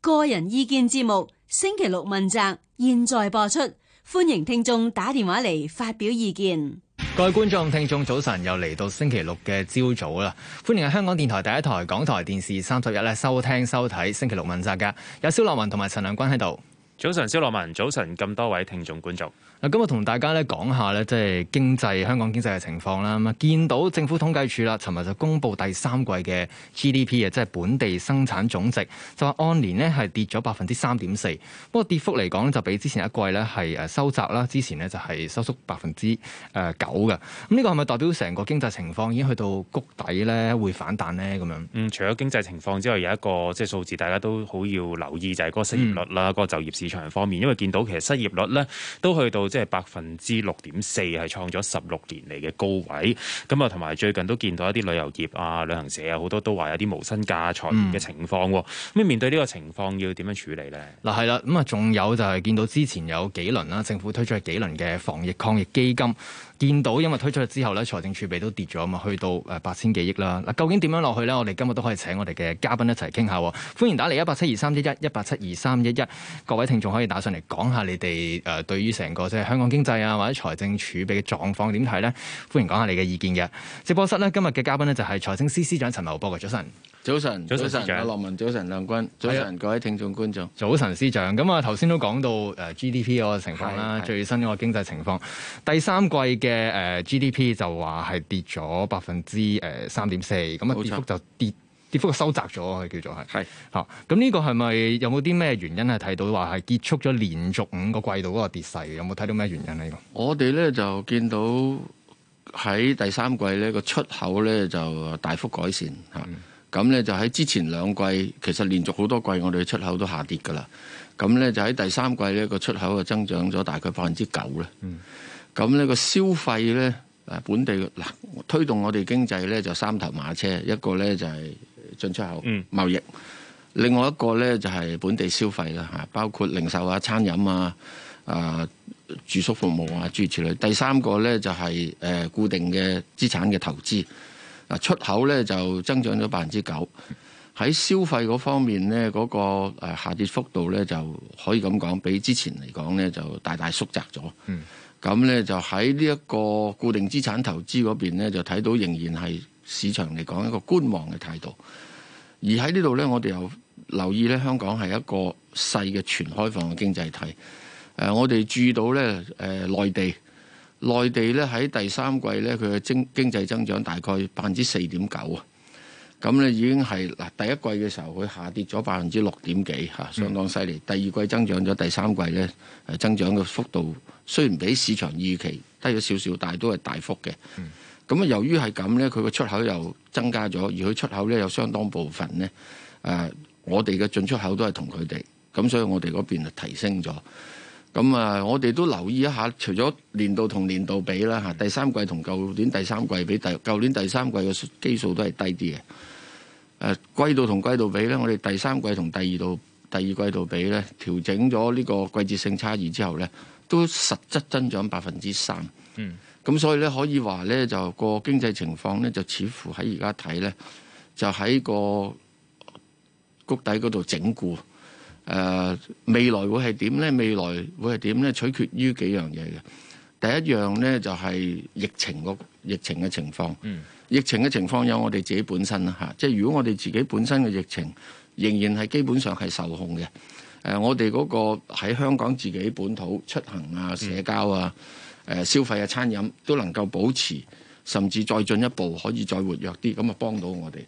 個人意見節目星期六問責，現在播出，歡迎聽眾打電話嚟發表意見。各位觀眾、聽眾，早晨，又嚟到星期六嘅朝早啦！歡迎喺香港電台第一台、港台電視三十一收聽收睇星期六問責嘅有蕭樂文同埋陳亮君喺度。早晨，蕭樂文，早晨，咁多位聽眾、觀眾。嗱，今日同大家咧講下咧，即係經濟香港經濟嘅情況啦。咁啊，見到政府統計處啦，尋日就公布第三季嘅 GDP 啊，即係本地生產總值，就話按年咧係跌咗百分之三點四。不過跌幅嚟講就比之前一季咧係誒收窄啦。之前咧就係收縮百分之誒九嘅。咁呢個係咪代表成個經濟情況已經去到谷底咧，會反彈咧？咁樣嗯，除咗經濟情況之外，有一個即係數字，大家都好要留意就係、是、嗰個失業率啦，嗰、嗯、個就業市場方面，因為見到其實失業率咧都去到。即係百分之六點四係創咗十六年嚟嘅高位。咁啊同埋最近都見到一啲旅遊業啊、旅行社啊，好多都話有啲無薪假財嘅情況。咁、嗯、面對呢個情況要點樣處理呢？嗱係啦，咁啊仲有就係見到之前有幾輪啦，政府推出幾輪嘅防疫抗疫基金。見到，因為推出咗之後咧，財政儲備都跌咗啊嘛，去到誒八千幾億啦。嗱，究竟點樣落去呢？我哋今日都可以請我哋嘅嘉賓一齊傾下喎。歡迎打嚟一八七二三一一一八七二三一一，各位聽眾可以打上嚟講下你哋誒對於成個即係香港經濟啊或者財政儲備嘅狀況點睇呢？歡迎講下你嘅意見嘅。直播室呢，今日嘅嘉賓呢，就係財政司司長陳茂波嘅早，早晨。早晨，早晨，早晨，阿羅文早晨，兩君早晨，各位聽眾觀眾早晨，司長。咁啊頭先都講到 GDP 嗰個情況啦，最新嗰個經濟情況，第三季嘅。嘅誒 GDP 就話係跌咗百分之誒三點四，咁啊冇錯。跌幅就跌跌幅收窄咗，佢叫做係係吓。咁呢個係咪有冇啲咩原因係睇到話係結束咗連續五個季度嗰個跌勢？有冇睇到咩原因咧？我哋咧就見到喺第三季咧個出口咧就大幅改善吓。咁咧、嗯、就喺之前兩季，其實連續好多季我哋嘅出口都下跌噶啦。咁咧就喺第三季咧個出口就增長咗大概百分之九咧。嗯咁呢個消費呢，本地嗱、啊、推動我哋經濟呢，就三頭馬車，一個呢就係、是、進出口貿易，另外一個呢就係、是、本地消費啦，吓、啊、包括零售啊、餐飲啊、啊住宿服務啊諸如此類。第三個呢就係、是、誒固定嘅資產嘅投資。啊，出口呢，就增長咗百分之九。喺消費嗰方面呢，嗰、那個誒下跌幅度呢，就可以咁講，比之前嚟講呢，就大大縮窄咗。嗯咁咧就喺呢一個固定資產投資嗰邊咧，就睇到仍然係市場嚟講一個觀望嘅態度。而喺呢度咧，我哋又留意咧，香港係一個細嘅全開放嘅經濟體。誒，我哋注意到咧，誒內地，內地咧喺第三季咧，佢嘅經經濟增長大概百分之四點九啊。咁咧已經係嗱第一季嘅時候，佢下跌咗百分之六點幾嚇，相當犀利。第二季增長咗，第三季咧誒增長嘅幅度雖然比市場預期低咗少少，但係都係大幅嘅。咁啊，由於係咁咧，佢個出口又增加咗，而佢出口咧有相當部分咧誒，我哋嘅進出口都係同佢哋，咁所以我哋嗰邊就提升咗。咁啊，我哋都留意一下，除咗年度同年度比啦，第三季同舊年第三季比，第舊年第三季嘅基數都係低啲嘅。誒、呃，季度同季度比咧，我哋第三季同第二度第二季度比咧，調整咗呢個季節性差異之後咧，都實質增長百分之三。嗯，咁所以咧可以話咧，就個經濟情況咧，就似乎喺而家睇咧，就喺個谷底嗰度整固。誒，未來會係點呢？未來會係點呢？取決於幾樣嘢嘅。第一樣呢，就係、是、疫情個疫情嘅情況。嗯。疫情嘅情況有我哋自己本身啦嚇。即係如果我哋自己本身嘅疫情仍然係基本上係受控嘅，誒、呃、我哋嗰個喺香港自己本土出行啊、社交啊、誒、呃、消費啊、餐飲都能夠保持，甚至再進一步可以再活躍啲，咁啊幫到我哋。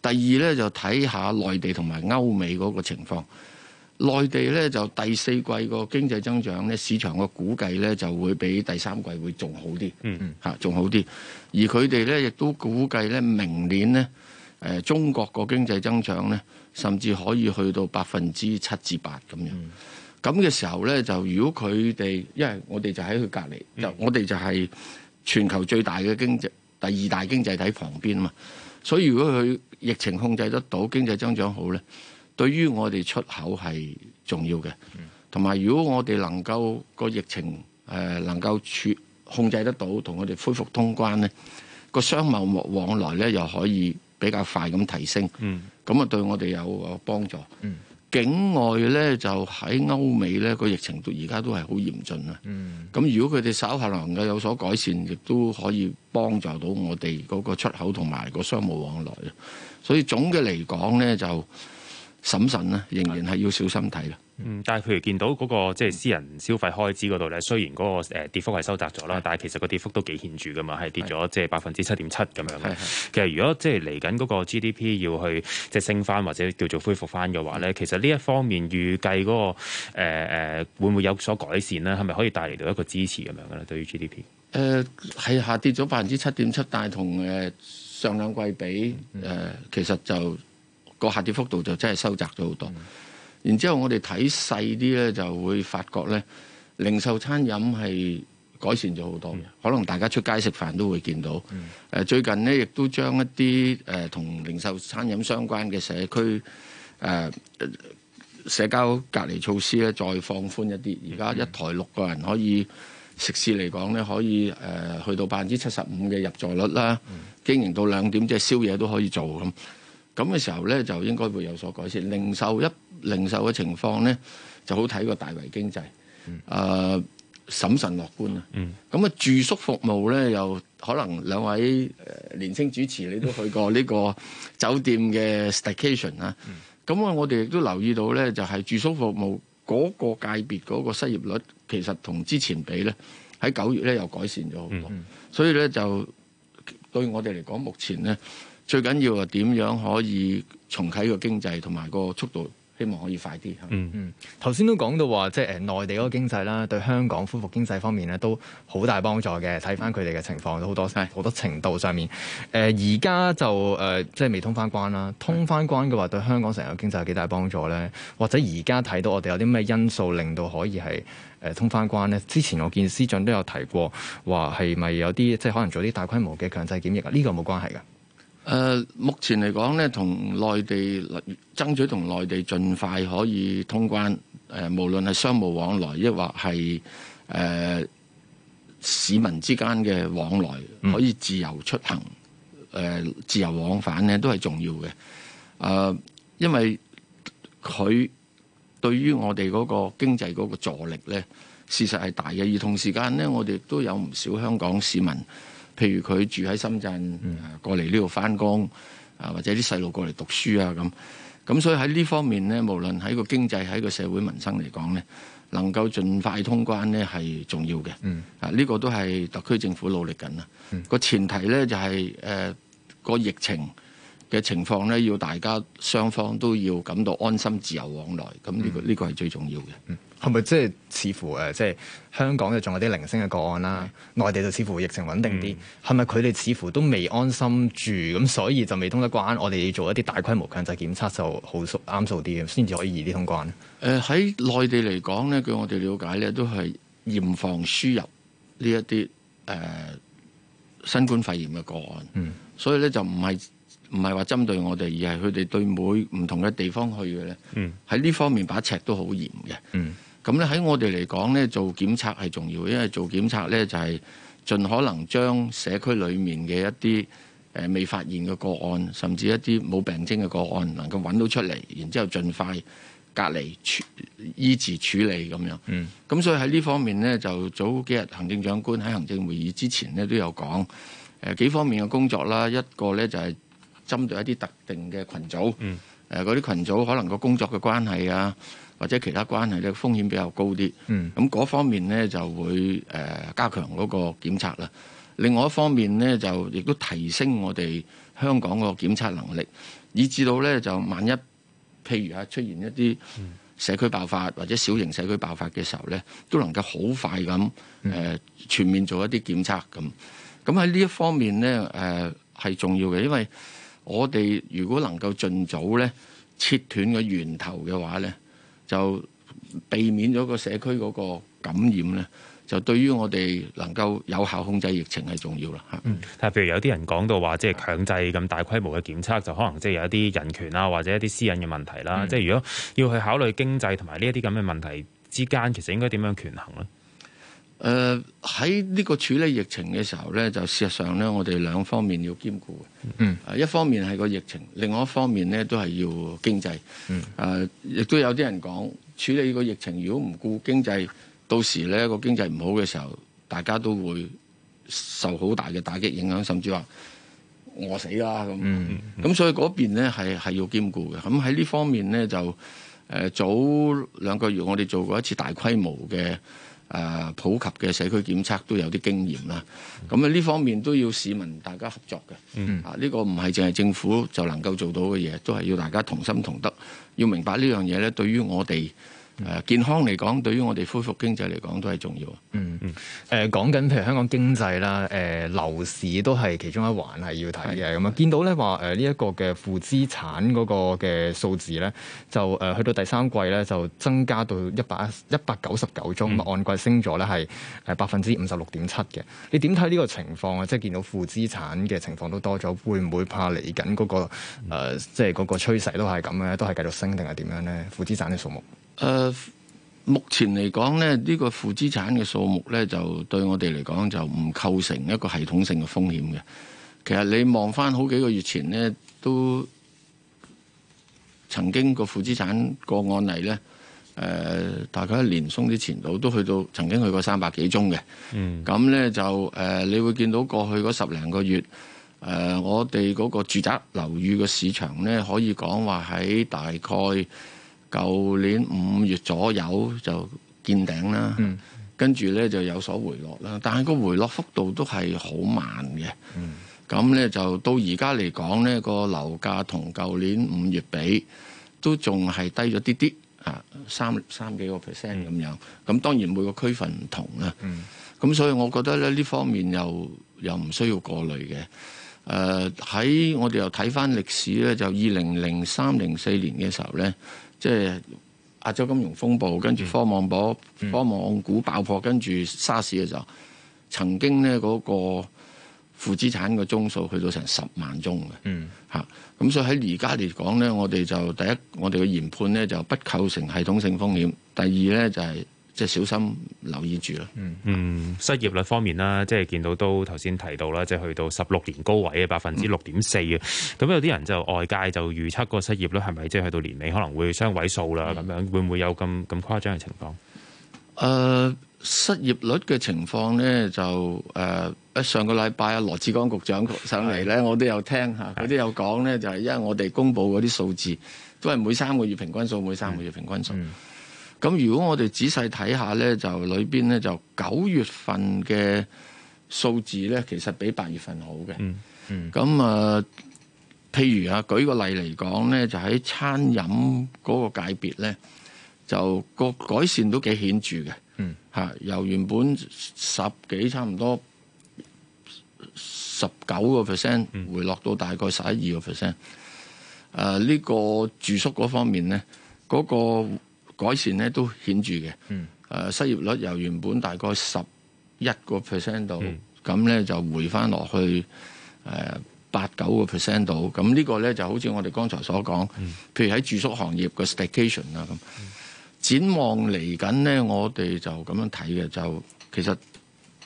第二呢，就睇下內地同埋歐美嗰個情況。內地咧就第四季個經濟增長咧，市場個估計咧就會比第三季會仲好啲，吓仲、mm hmm. 好啲。而佢哋咧亦都估計咧明年咧，誒、呃、中國個經濟增長咧，甚至可以去到百分之七至八咁樣。咁嘅、mm hmm. 時候咧，就如果佢哋，因為我哋就喺佢隔籬，mm hmm. 我就我哋就係全球最大嘅經濟第二大經濟體旁邊啊嘛，所以如果佢疫情控制得到，經濟增長好咧。對於我哋出口係重要嘅，同埋如果我哋能夠個疫情誒能夠處控制得到，同我哋恢復通關呢個商貿往來呢又可以比較快咁提升，咁啊、嗯、對我哋有幫助。境外呢就喺歐美呢個疫情到而家都係好嚴峻啊。咁、嗯、如果佢哋稍後能夠有所改善，亦都可以幫助到我哋嗰個出口同埋個商貿往來。所以總嘅嚟講呢就。審慎咧，仍然係要小心睇嘅。嗯，但係譬如見到嗰、那個即係、就是、私人消費開支嗰度咧，雖然嗰個跌幅係收窄咗啦，是的 但係其實個跌幅都幾顯著噶嘛，係跌咗即係百分之七點七咁樣嘅。是的 其實如果即係嚟緊嗰個 GDP 要去即係、就是、升翻或者叫做恢復翻嘅話咧，是的 其實呢一方面預計嗰、那個誒誒、呃、會唔會有所改善咧？係咪可以帶嚟到一個支持咁樣嘅咧？對於 GDP，誒係、呃、下跌咗百分之七點七，但係同誒上兩季比誒、呃，其實就。個下跌幅度就真係收窄咗好多、嗯，然之後我哋睇細啲咧就會發覺咧，零售餐飲係改善咗好多、嗯，可能大家出街食飯都會見到、嗯。誒最近呢，亦都將一啲誒同零售餐飲相關嘅社區誒、呃、社交隔離措施咧再放寬一啲，而家一台六個人可以、嗯、食肆嚟講咧可以誒、呃、去到百分之七十五嘅入座率啦，嗯、經營到兩點即係宵夜都可以做咁。咁嘅時候咧，就應該會有所改善。零售一零售嘅情況咧，就好睇個大圍經濟，誒、mm. 呃、審慎樂觀啊。咁啊，住宿服務咧又可能兩位年青主持你都去過呢個酒店嘅 staycation 啊。咁啊，我哋亦都留意到咧，就係、是、住宿服務嗰個界別嗰個失業率，其實同之前比咧，喺九月咧又改善咗好多。Mm. 所以咧就對我哋嚟講，目前咧。最緊要係點樣可以重啟個經濟，同埋個速度，希望可以快啲、嗯。嗯嗯，頭先都講到話，即係誒內地嗰個經濟啦，對香港恢復經濟方面咧，都好大幫助嘅。睇翻佢哋嘅情況，都好多好是多程度上面。誒而家就誒、呃、即係未通翻關啦。通翻關嘅話，對香港成個經濟有幾大幫助咧？或者而家睇到我哋有啲咩因素令到可以係誒、呃、通翻關咧？之前我見司長都有提過話，係咪有啲即係可能做啲大規模嘅強制檢疫啊？呢個冇關係㗎。誒、呃、目前嚟講咧，同內地爭取同內地盡快可以通關，誒、呃、無論係商務往來，抑或係誒、呃、市民之間嘅往來，可以自由出行、誒、呃、自由往返咧，都係重要嘅。誒、呃，因為佢對於我哋嗰個經濟嗰個助力咧，事實係大嘅。而同時間咧，我哋都有唔少香港市民。譬如佢住喺深圳，過嚟呢度翻工，啊或者啲細路過嚟讀書啊咁，咁所以喺呢方面呢，無論喺個經濟喺個社會民生嚟講呢，能夠盡快通關呢係重要嘅。嗯、啊，呢、呢個都係特區政府努力緊啦。個、嗯、前提呢、就係，就係誒個疫情嘅情況呢，要大家雙方都要感到安心自由往來，咁呢個呢個係最重要嘅。嗯嗯係咪即係似乎誒，即係香港咧仲有啲零星嘅個案啦，內地就似乎疫情穩定啲，係咪佢哋似乎都未安心住，咁所以就未通得關？我哋要做一啲大規模強制檢測就好數啱數啲嘅，先至可以易啲通關咧？誒、呃，喺內地嚟講咧，據我哋了解咧，都係嚴防輸入呢一啲誒新冠肺炎嘅個案。嗯，所以咧就唔係唔係話針對我哋，而係佢哋對每唔同嘅地方去嘅咧。嗯，喺呢方面把尺都好嚴嘅。嗯。咁咧喺我哋嚟講咧，做檢測係重要，因為做檢測咧就係盡可能將社區裡面嘅一啲誒未發現嘅個案，甚至一啲冇病徵嘅個案，能夠揾到出嚟，然之後盡快隔離處醫治處理咁樣。嗯。咁所以喺呢方面咧，就早幾日行政長官喺行政會議之前咧都有講誒、呃、幾方面嘅工作啦，一個咧就係針對一啲特定嘅群組，誒嗰啲群組可能個工作嘅關係啊。或者其他關係咧風險比較高啲，咁嗰、嗯、方面咧就會誒、呃、加強嗰個檢測啦。另外一方面咧，就亦都提升我哋香港個檢測能力，以至到咧就萬一譬如啊出現一啲社區爆發或者小型社區爆發嘅時候咧，都能夠好快咁誒、呃、全面做一啲檢測咁。咁喺呢一方面咧誒係重要嘅，因為我哋如果能夠盡早咧切斷個源頭嘅話咧。就避免咗個社區嗰個感染咧，就對於我哋能夠有效控制疫情係重要啦嚇。嗯，但係譬如有啲人講到話，即係強制咁大規模嘅檢測，就可能即係有一啲人權啊，或者一啲私隱嘅問題啦。嗯、即係如果要去考慮經濟同埋呢一啲咁嘅問題之間，其實應該點樣權衡咧？誒喺呢個處理疫情嘅時候呢，就事實上呢，我哋兩方面要兼顧嘅。嗯、uh，一方面係個疫情，另外一方面呢，都係要經濟。嗯、uh，亦都有啲人講處理個疫情，如果唔顧經濟，到時呢個經濟唔好嘅時候，大家都會受好大嘅打擊影響，甚至話餓死啦咁。咁、mm hmm. 所以嗰邊呢係係要兼顧嘅。咁喺呢方面呢，就誒、呃、早兩個月我哋做過一次大規模嘅。誒普及嘅社區檢測都有啲經驗啦，咁啊呢方面都要市民大家合作嘅，啊、呢、呢個唔係淨係政府就能夠做到嘅嘢，都係要大家同心同德，要明白呢樣嘢咧，對於我哋。係啊，健康嚟講，對於我哋恢復經濟嚟講都係重要。嗯嗯，誒，講緊譬如香港經濟啦，誒，樓市都係其中一環，係要睇嘅。咁啊，見到咧話誒呢一個嘅負資產嗰個嘅數字咧，就誒去到第三季咧就增加到一百一百九十九宗，按季升咗咧係誒百分之五十六點七嘅。你點睇呢個情況啊？即係見到負資產嘅情況都多咗，會唔會怕嚟緊嗰個誒，即係嗰個趨勢都係咁咧？都係繼續升定係點樣咧？負資產嘅數目？誒、呃，目前嚟講咧，這個、負資呢個負資產嘅數目咧，就對我哋嚟講就唔構成一個系統性嘅風險嘅。其實你望翻好幾個月前呢，都曾經個負資產個案例呢，誒、呃，大概一年鬆啲前度都去到曾經去過三百幾宗嘅。嗯，咁咧就誒、呃，你會見到過去嗰十零個月，誒、呃，我哋嗰個住宅樓宇嘅市場呢，可以講話喺大概。舊年五月左右就見頂啦，嗯、跟住咧就有所回落啦。但係個回落幅度都係好慢嘅。咁咧、嗯、就到而家嚟講咧，個樓價同舊年五月比都仲係低咗啲啲啊，三三幾個 percent 咁樣。咁、嗯、當然每個區份唔同啦。咁、嗯、所以我覺得咧呢方面又又唔需要過濾嘅。誒、呃、喺我哋又睇翻歷史咧，就二零零三零四年嘅時候咧。即係亞洲金融風暴，跟住科網博、嗯、科網股爆破，跟住沙士嘅時候，曾經咧嗰個負資產嘅宗數去到成十萬宗嘅。嚇、嗯，咁、嗯、所以喺而家嚟講咧，我哋就第一，我哋嘅研判咧就不構成系統性風險。第二咧就係、是。即係小心留意住啦。嗯，失業率方面啦，即係見到都頭先提到啦，即係去到十六年高位嘅百分之六點四嘅。咁、嗯、有啲人就外界就預測個失業率係咪即係去到年尾可能會雙位數啦？咁、嗯、樣會唔會有咁咁誇張嘅情況？誒、呃，失業率嘅情況咧就誒喺、呃、上個禮拜啊，羅致光局長上嚟咧，的我都有聽吓，佢都有講咧，的就係因為我哋公布嗰啲數字都係每三個月平均數，每三個月平均數。嗯嗯咁如果我哋仔細睇下咧，就裏邊咧就九月份嘅數字咧，其實比八月份好嘅、嗯。嗯，咁啊、呃，譬如啊，舉個例嚟講咧，就喺餐飲嗰個界別咧，就個改善都幾顯著嘅。嗯，嚇，由原本十幾差唔多十九個 percent 回落到大概十一二個 percent。誒，呢、呃呢個住宿嗰方面咧，嗰、嗰個。改善咧都顯著嘅，誒、嗯呃、失業率由原本大概十一個 percent 度，咁咧、嗯、就回翻落去誒八九個 percent 度，咁呢個咧就好似我哋剛才所講，嗯、譬如喺住宿行業個 staycation 啊咁。展望嚟緊咧，我哋就咁樣睇嘅，就其實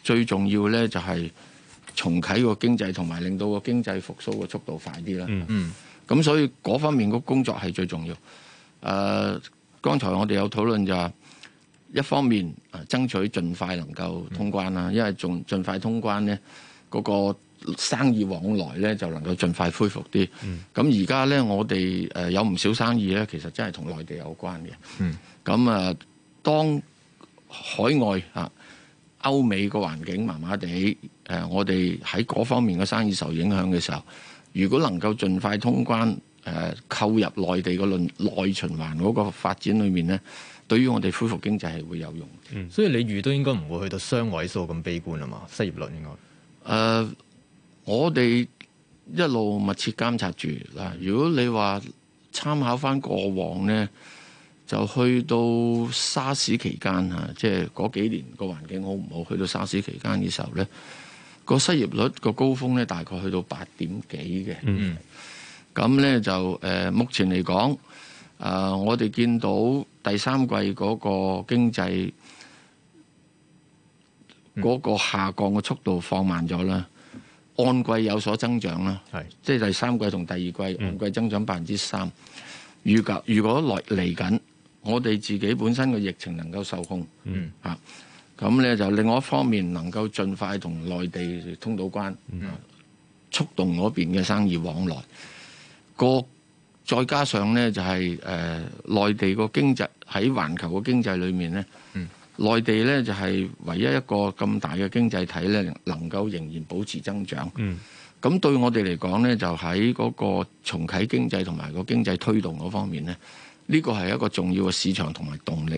最重要咧就係、是、重啟個經濟同埋令到個經濟復甦嘅速度快啲啦、嗯。嗯，咁、嗯嗯、所以嗰方面嘅工作係最重要，誒、呃。呃剛才我哋有討論就係，一方面啊爭取盡快能夠通關啦，因為盡盡快通關呢，嗰個生意往來呢，就能夠盡快恢復啲。咁而家呢，我哋誒有唔少生意呢，其實真係同內地有關嘅。咁啊，當海外啊歐美個環境麻麻地，誒我哋喺嗰方面嘅生意受影響嘅時候，如果能夠盡快通關。誒扣、呃、入內地個輪內循環嗰個發展裏面咧，對於我哋恢復經濟係會有用，嗯。所以你預到應該唔會去到雙位數咁悲觀啊嘛，失業率應該。誒、呃，我哋一路密切監察住嗱、呃。如果你話參考翻過往咧，就去到沙士期間啊，即係嗰幾年個環境好唔好？去到沙士期間嘅時候咧，個失業率個高峰咧大概去到八點幾嘅。嗯，嗯。咁咧就誒，目前嚟講，啊，我哋見到第三季嗰個經濟嗰個下降嘅速度放慢咗啦，按季有所增長啦，係即係第三季同第二季按季增長百分之三。預計如果來嚟緊，我哋自己本身嘅疫情能夠受控，嗯啊，咁咧就另外一方面能夠盡快同內地通到關，促動嗰邊嘅生意往來。個再加上咧就係誒內地個經濟喺環球個經濟裏面咧，內地咧、嗯、就係唯一一個咁大嘅經濟體咧，能夠仍然保持增長。咁、嗯、對我哋嚟講咧，就喺嗰個重啟經濟同埋個經濟推動嗰方面咧，呢個係一個重要嘅市場同埋動力。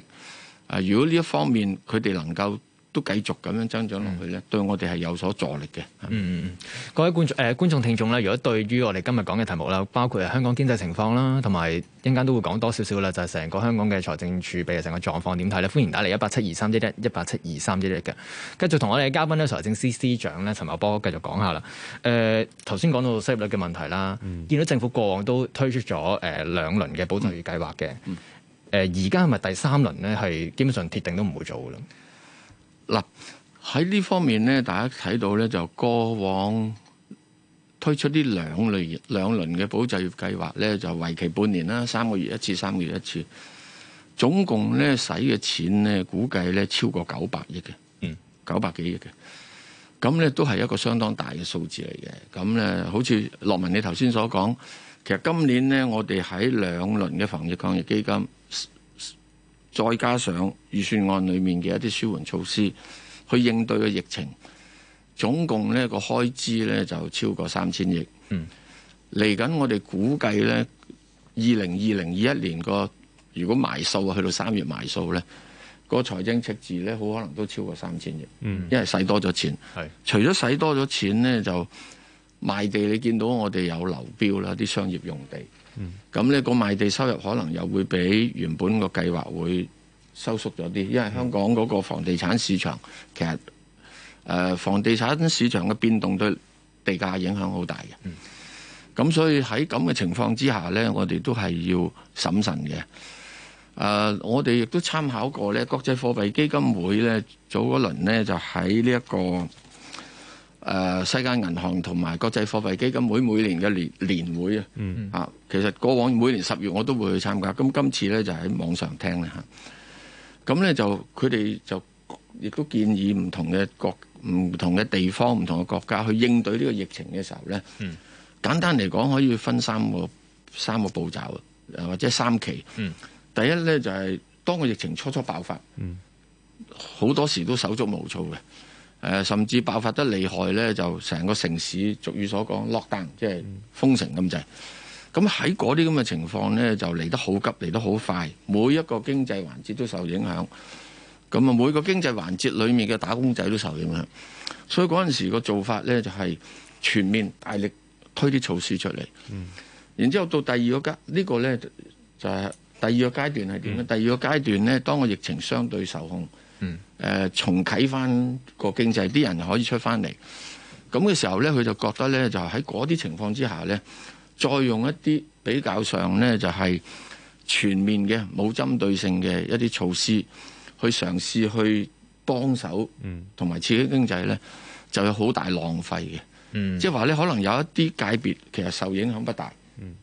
啊、呃，如果呢一方面佢哋能夠，都繼續咁樣增長落去咧，嗯、對我哋係有所助力嘅。嗯嗯嗯，各位觀眾誒、呃、觀眾聽眾咧，如果對於我哋今日講嘅題目啦，包括香港經濟情況啦，同埋一陣間都會,會講多少少啦，就係、是、成個香港嘅財政儲備成個狀況點睇咧，歡迎打嚟一八七二三一一一八七二三一一嘅。繼續同我哋嘅嘉賓咧，財政司司長咧，陳茂波繼續講下啦。誒、呃，頭先講到失業率嘅問題啦，見、嗯、到政府過往都推出咗誒、呃、兩輪嘅補貼計劃嘅，誒而家係咪第三輪咧，係基本上鐵定都唔會做嘅啦。嗱，喺呢方面咧，大家睇到咧，就過往推出呢兩類兩輪嘅保就業計劃咧，就為期半年啦，三個月一次，三個月一次，總共咧使嘅錢咧，估計咧超過九百億嘅，嗯，九百幾億嘅，咁咧都係一個相當大嘅數字嚟嘅。咁咧好似樂文你頭先所講，其實今年咧我哋喺兩輪嘅防疫抗疫基金。再加上預算案裡面嘅一啲舒緩措施，去應對嘅疫情，總共呢個開支呢就超過三千億。嗯，嚟緊我哋估計呢，二零二零二一年個如果埋數啊，去到三月埋數呢，個財政赤字呢好可能都超過三千億。嗯，因為使多咗錢。係除咗使多咗錢呢，就。賣地你見到我哋有流標啦，啲商業用地，咁呢、嗯、個賣地收入可能又會比原本個計劃會收縮咗啲，因為香港嗰個房地產市場其實、呃、房地產市場嘅變動對地價影響好大嘅。咁、嗯、所以喺咁嘅情況之下呢，我哋都係要審慎嘅。誒、呃，我哋亦都參考過咧，國際貨幣基金會呢，早嗰輪咧就喺呢一個。誒、呃，世界銀行同埋國際貨幣基金會每年嘅年年會啊，嗯、啊，其實過往每年十月我都會去參加，咁今次呢，就喺、是、網上聽啦嚇。咁、啊、呢，就佢哋就亦都建議唔同嘅國、唔同嘅地方、唔同嘅國家去應對呢個疫情嘅時候呢、嗯、簡單嚟講可以分三個三個步驟或者三期。嗯、第一呢，就係、是、當個疫情初初爆發，好、嗯、多時都手足無措嘅。誒，甚至爆發得厲害呢，就成個城市，俗語所講，lockdown，即係封城咁滯。咁喺嗰啲咁嘅情況呢，就嚟得好急，嚟得好快，每一個經濟環節都受影響。咁啊，每個經濟環節裡面嘅打工仔都受影響。所以嗰陣時個做法呢，就係全面大力推啲措施出嚟。嗯、然之後到第二個階，呢、這個呢，就係、是、第二個階段係點呢？嗯、第二個階段呢，當個疫情相對受控。誒、呃、重啟翻個經濟，啲人就可以出翻嚟，咁嘅時候呢，佢就覺得呢，就喺嗰啲情況之下呢，再用一啲比較上呢，就係、是、全面嘅冇針對性嘅一啲措施，去嘗試去幫手，同埋刺激經濟呢，就有好大浪費嘅，嗯、即係話呢，可能有一啲界別其實受影響不大，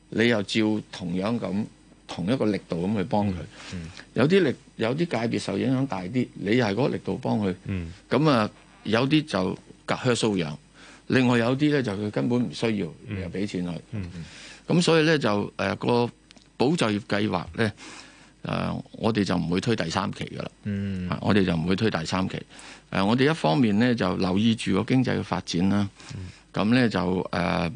你又照同樣咁，同一個力度咁去幫佢、嗯嗯，有啲力有啲界別受影響大啲，你係嗰個力度幫佢，咁啊、嗯、有啲就隔靴搔癢，另外有啲咧就佢根本唔需要，又俾、嗯、錢佢，咁、嗯嗯、所以咧就誒、呃那個保就業計劃咧，誒、呃、我哋就唔會推第三期噶啦、嗯啊，我哋就唔會推第三期。誒、呃、我哋一方面咧就留意住個經濟嘅發展啦，咁咧就誒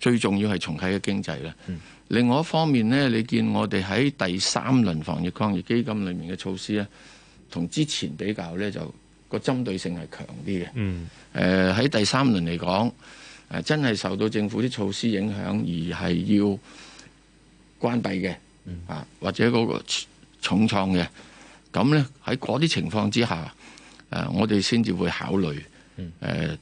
最重要係重啟嘅經濟啦。嗯另外一方面呢，你見我哋喺第三輪防疫抗疫基金裏面嘅措施呢，同之前比較呢，就、個針對性係強啲嘅。嗯。誒、呃，喺第三輪嚟講、呃，真係受到政府啲措施影響而係要關閉嘅，啊，或者嗰個重創嘅，咁呢，喺嗰啲情況之下，呃、我哋先至會考慮，嗯誒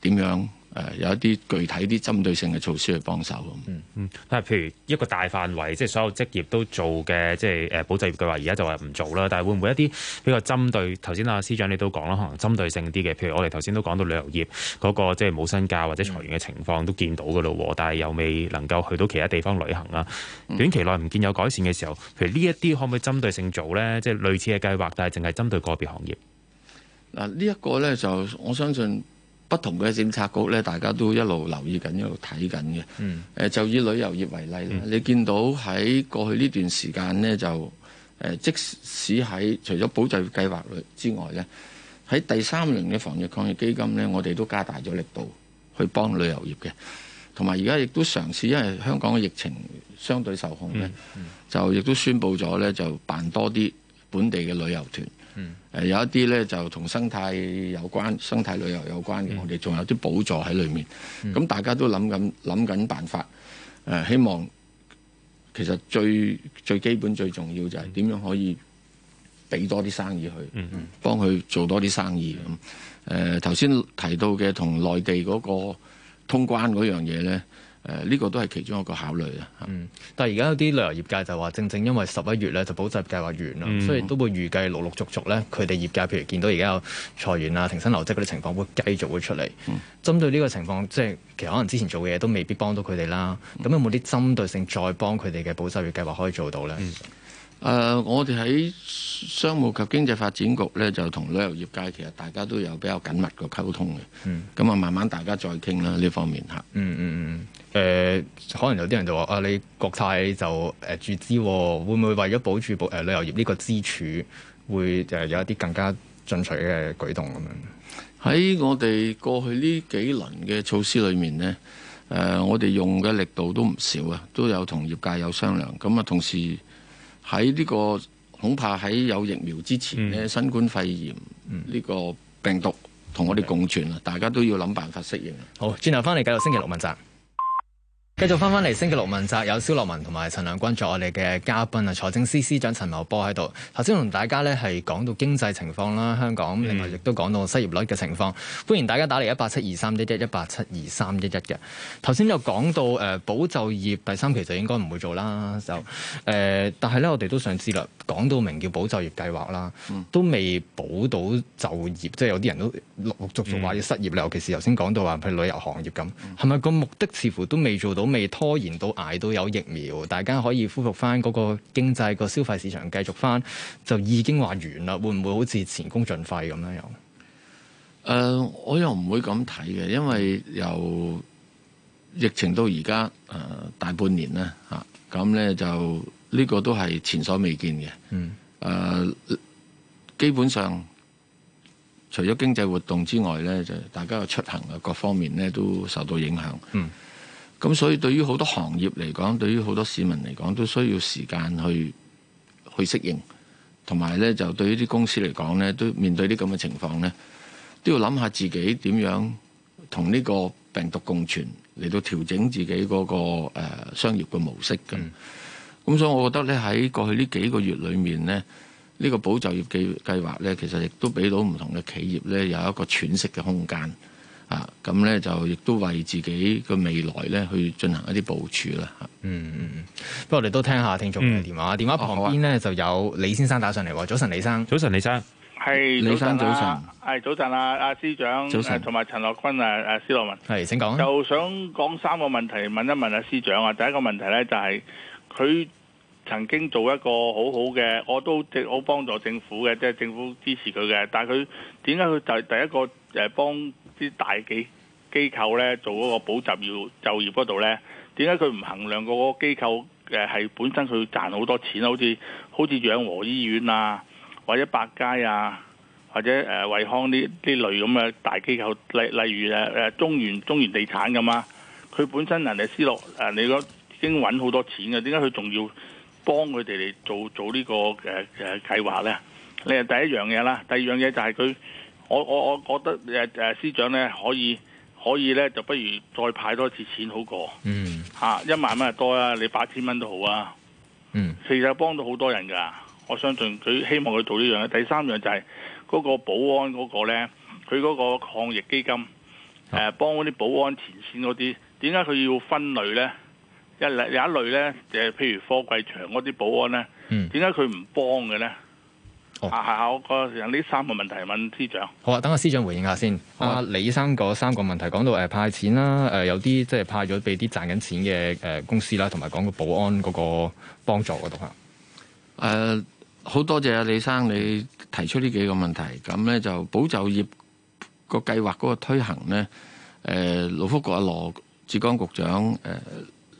點樣，誒有一啲具體啲針對性嘅措施去幫手。嗯嗯，但係譬如一個大範圍，即係所有職業都做嘅，即係誒保就業計劃，而家就話唔做啦。但係會唔會一啲比較針對頭先阿司長你都講啦，可能針對性啲嘅，譬如我哋頭先都講到旅遊業嗰、嗰個即係冇薪假或者裁員嘅情況、嗯、都見到㗎咯。但係又未能夠去到其他地方旅行啦。短期內唔見有改善嘅時候，譬如呢一啲可唔可以針對性做咧？即係類似嘅計劃，但係淨係針對個別行業。嗱，呢一個咧就我相信。不同嘅政策局咧，大家都一路留意緊，一路睇緊嘅。誒、mm. 呃，就以旅遊業為例、mm. 你見到喺過去呢段時間呢，就誒、呃，即使喺除咗保就業計劃之外呢，喺第三輪嘅防疫抗疫基金呢，我哋都加大咗力度去幫旅遊業嘅。同埋而家亦都嘗試，因為香港嘅疫情相對受控咧，mm. 就亦都宣布咗呢，就辦多啲本地嘅旅遊團。誒，有一啲咧就同生態有關，生態旅遊有關嘅，我哋仲有啲補助喺裏面。咁大家都諗緊諗緊辦法，誒、呃、希望其實最最基本最重要就係點樣可以俾多啲生意佢，幫佢做多啲生意。咁誒頭先提到嘅同內地嗰個通關嗰樣嘢咧。誒呢、呃這個都係其中一個考慮啊。嗯，但係而家有啲旅遊業界就話，正正因為十一月咧就補習計劃完啦，嗯、所以都會預計陸陸續續咧，佢哋業界譬如見到而家有裁員啊、停薪留職嗰啲情況，會繼續會出嚟。針、嗯、對呢個情況，即係其實可能之前做嘅嘢都未必幫到佢哋啦。咁有冇啲針對性再幫佢哋嘅補習月計劃可以做到咧？嗯誒、呃，我哋喺商務及經濟發展局咧，就同旅遊業界其實大家都有比較緊密嘅溝通嘅。嗯。咁啊，慢慢大家再傾啦，呢方面嚇、嗯。嗯嗯嗯。誒、呃，可能有啲人就話啊，你國泰就誒、呃、注資，會唔會為咗保住誒旅遊業呢個支柱，會誒、呃、有一啲更加進取嘅舉動咁樣？喺、嗯、我哋過去呢幾輪嘅措施裏面呢，誒、呃，我哋用嘅力度都唔少啊，都有同業界有商量。咁啊，同時。喺呢、這個恐怕喺有疫苗之前咧，嗯、新冠肺炎呢、嗯、個病毒同我哋共存啊！Okay. 大家都要諗辦法適應。好，轉頭翻嚟繼續星期六問責。繼續翻翻嚟星期六問責，有蕭樂文同埋陳亮君做我哋嘅嘉賓啊，財政司司長陳茂波喺度。頭先同大家咧係講到經濟情況啦，香港，另外亦都講到失業率嘅情況。歡迎大家打嚟一八七二三一一一八七二三一一嘅。頭先又講到誒、呃，保就業第三期就應該唔會做啦，就誒、呃，但係咧我哋都想知啦，講到明叫保就業計劃啦，嗯、都未保到就業，即係有啲人都陸陸續續話要失業啦，嗯、尤其是頭先講到話譬如旅遊行業咁，係咪、嗯、個目的似乎都未做到？未拖延到捱到有疫苗，大家可以恢復翻嗰個經濟個消費市場，繼續翻就已經話完啦。會唔會好似前功盡廢咁咧？又，誒，我又唔會咁睇嘅，因為由疫情到而家誒大半年咧嚇，咁、啊、咧就呢個都係前所未見嘅。嗯。誒、呃，基本上除咗經濟活動之外咧，就大家嘅出行啊各方面咧都受到影響。嗯。咁所以對於好多行業嚟講，對於好多市民嚟講都需要時間去去適應，同埋咧就對於啲公司嚟講咧，都面對啲咁嘅情況咧，都要諗下自己點樣同呢個病毒共存，嚟到調整自己嗰個誒商業嘅模式嘅。咁、嗯、所以我覺得咧，喺過去呢幾個月裏面咧，呢個保就業計計劃咧，其實亦都俾到唔同嘅企業咧有一個喘息嘅空間。啊，咁咧就亦都為自己個未來咧去進行一啲部署啦。嚇、嗯，嗯不過，我哋都聽下聽眾嘅電話。嗯、電話旁邊咧、嗯、就有李先生打上嚟。早晨，李先生。早晨是，李先生。係、啊。早陣晨啊。早晨啊，啊係早晨。啊啊司長。早晨，同埋陳樂坤，啊！啊司樂文。係，請講、啊。就想講三個問題，問一問阿、啊、司長啊。第一個問題咧就係、是、佢曾經做一個好好嘅，我都即好幫助政府嘅，即、就、係、是、政府支持佢嘅。但係佢點解佢就係第一個誒幫啲大機機構咧做嗰個補習要就業嗰度咧，點解佢唔衡量過嗰個機構誒係、呃、本身佢賺好多錢，好似好似養和醫院啊，或者百佳啊，或者誒、呃、惠康呢啲類咁嘅大機構例例如誒誒、呃、中原中原地產咁啊，佢本身人哋私落誒，你講已經揾好多錢嘅，點解佢仲要幫佢哋嚟做做呢、這個誒誒、呃、計劃咧？你係第一樣嘢啦，第二樣嘢就係佢。我我我覺得誒誒、啊、司長咧可以可以咧就不如再派多次錢好過，嚇、mm. 啊、一萬蚊就多啦、啊，你八千蚊都好啊。嗯，mm. 其實幫到好多人噶，我相信佢希望佢做呢樣。第三樣就係、是、嗰、那個保安嗰個咧，佢嗰個抗疫基金誒、啊、幫嗰啲保安前線嗰啲，點解佢要分類咧？一有有一類咧，誒譬如科櫃場嗰啲保安咧，點解佢唔幫嘅咧？哦、啊，係我個人呢三個問題問司長。好啊，等下司長回應下好先。阿李生嗰三個問題講到誒派錢啦，誒有啲即係派咗俾啲賺緊錢嘅誒公司啦，同埋講個保安嗰個幫助嗰度吓。誒、呃，好多謝啊，李生你提出呢幾個問題。咁咧就保就業個計劃嗰個推行咧，誒、呃，勞福局阿羅志剛局長誒嚟、呃、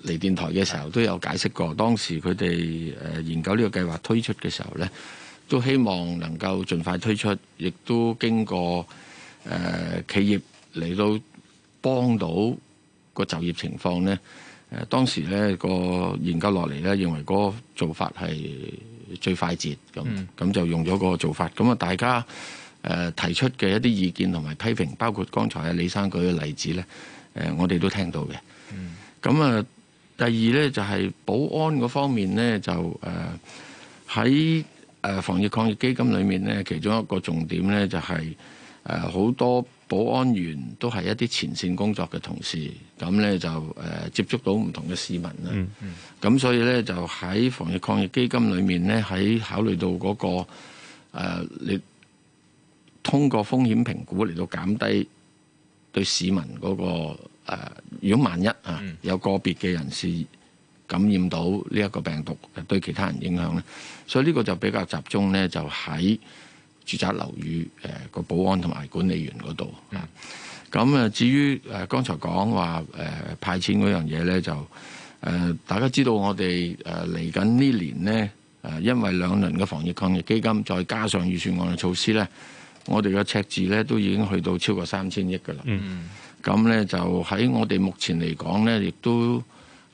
電台嘅時候都有解釋過。當時佢哋誒研究呢個計劃推出嘅時候咧。都希望能夠盡快推出，亦都經過誒、呃、企業嚟到幫到個就業情況。呢、呃、誒當時咧個研究落嚟呢，認為嗰個做法係最快捷咁，咁就用咗個做法。咁啊，大家誒、呃、提出嘅一啲意見同埋批評，包括剛才啊李生舉嘅例子呢，誒、呃，我哋都聽到嘅。咁啊，第二呢就係、是、保安嗰方面呢，就誒喺。呃誒，防疫抗疫基金裏面咧，其中一個重點咧就係、是、誒，好、呃、多保安員都係一啲前線工作嘅同事，咁咧就誒、呃，接觸到唔同嘅市民啦。咁、嗯嗯、所以咧就喺防疫抗疫基金裏面咧，喺考慮到嗰、那個誒、呃，你通過風險評估嚟到減低對市民嗰、那個誒，如、呃、果萬一啊，有個別嘅人士。嗯嗯感染到呢一個病毒對其他人影響，咧，所以呢個就比較集中呢就喺住宅樓宇誒個保安同埋管理員嗰度。咁啊、嗯，至於誒剛才講話誒派錢嗰樣嘢咧，就誒、呃、大家知道我哋誒嚟緊呢年咧誒因為兩輪嘅防疫抗疫基金，再加上預算案嘅措施咧，我哋嘅赤字咧都已經去到超過三千億噶啦。咁咧、嗯嗯、就喺我哋目前嚟講咧，亦都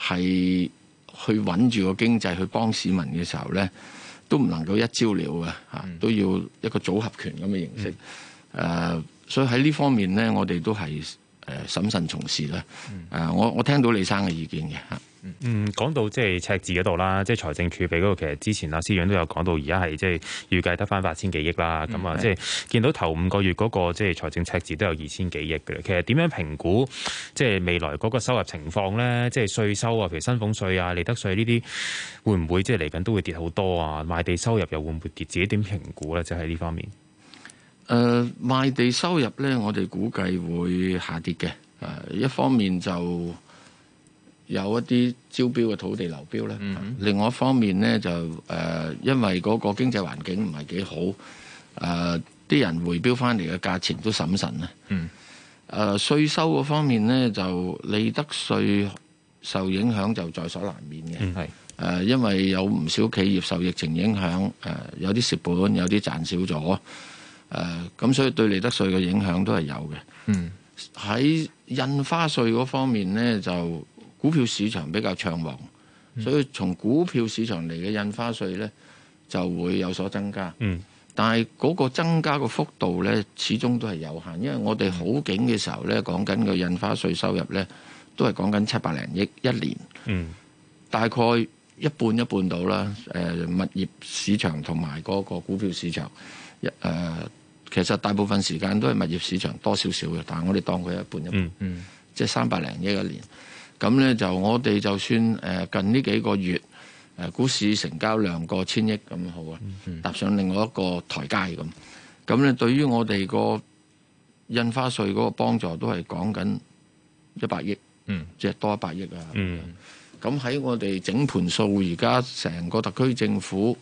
係。去穩住個經濟，去幫市民嘅時候呢，都唔能夠一招了嘅嚇，都要一個組合拳咁嘅形式。誒、嗯，uh, 所以喺呢方面呢，我哋都係誒審慎從事啦。誒、嗯，uh, 我我聽到李生嘅意見嘅嗯，講到即係赤字嗰度啦，即係財政儲備嗰個，其實之前阿司長都有講到，而家係即係預計得返八千幾億啦。咁啊、嗯，即係見到頭五個月嗰個即係財政赤字都有二千幾億嘅。其實點樣評估即係未來嗰個收入情況咧？即係稅收啊，譬如薪俸稅啊、利得稅呢啲，會唔會即係嚟緊都會跌好多啊、就是呃？賣地收入又會唔會跌？自己點評估咧？就喺呢方面。誒，賣地收入咧，我哋估計會下跌嘅。誒，一方面就。有一啲招標嘅土地流標咧。Mm hmm. 另外一方面咧，就誒、呃，因為嗰個經濟環境唔係幾好，誒、呃、啲人回標翻嚟嘅價錢都審慎咧。誒、mm，稅、hmm. 呃、收嗰方面咧，就利得稅受影響就在所難免嘅。誒、mm hmm. 呃，因為有唔少企業受疫情影響，誒、呃、有啲蝕本，有啲賺少咗，誒、呃、咁，所以對利得稅嘅影響都係有嘅。喺、mm hmm. 印花稅嗰方面咧，就。股票市場比較暢旺，嗯、所以從股票市場嚟嘅印花稅咧就會有所增加。嗯、但係嗰個增加嘅幅度咧，始終都係有限，因為我哋好景嘅時候咧，講緊個印花稅收入咧，都係講緊七百零億一年，嗯、大概一半一半到啦。誒、呃，物業市場同埋嗰個股票市場，誒、呃、其實大部分時間都係物業市場多少少嘅，但係我哋當佢一半一半，即係三百零億一年。咁咧就我哋就算誒、呃、近呢幾個月誒、呃、股市成交量過千億咁好啊，搭、mm hmm. 上另外一個台階咁。咁咧對於我哋個印花稅嗰個幫助都係講緊一百億，即係、mm hmm. 多一百億啊。咁喺、mm hmm. 啊、我哋整盤數而家成個特區政府誒、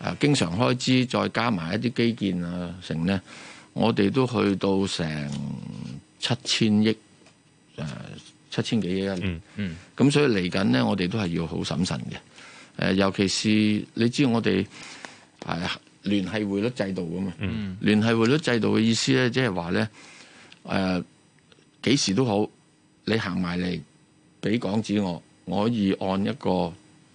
呃、經常開支再加埋一啲基建啊成咧，我哋都去到成七千億誒。呃七千幾億一年，咁、嗯嗯、所以嚟緊咧，我哋都係要好審慎嘅。誒、呃，尤其是你知我哋係、呃、聯繫匯率制度㗎嘛？嗯、聯繫匯率制度嘅意思咧，即係話咧，誒幾時都好，你行埋嚟俾港紙我，我可以按一個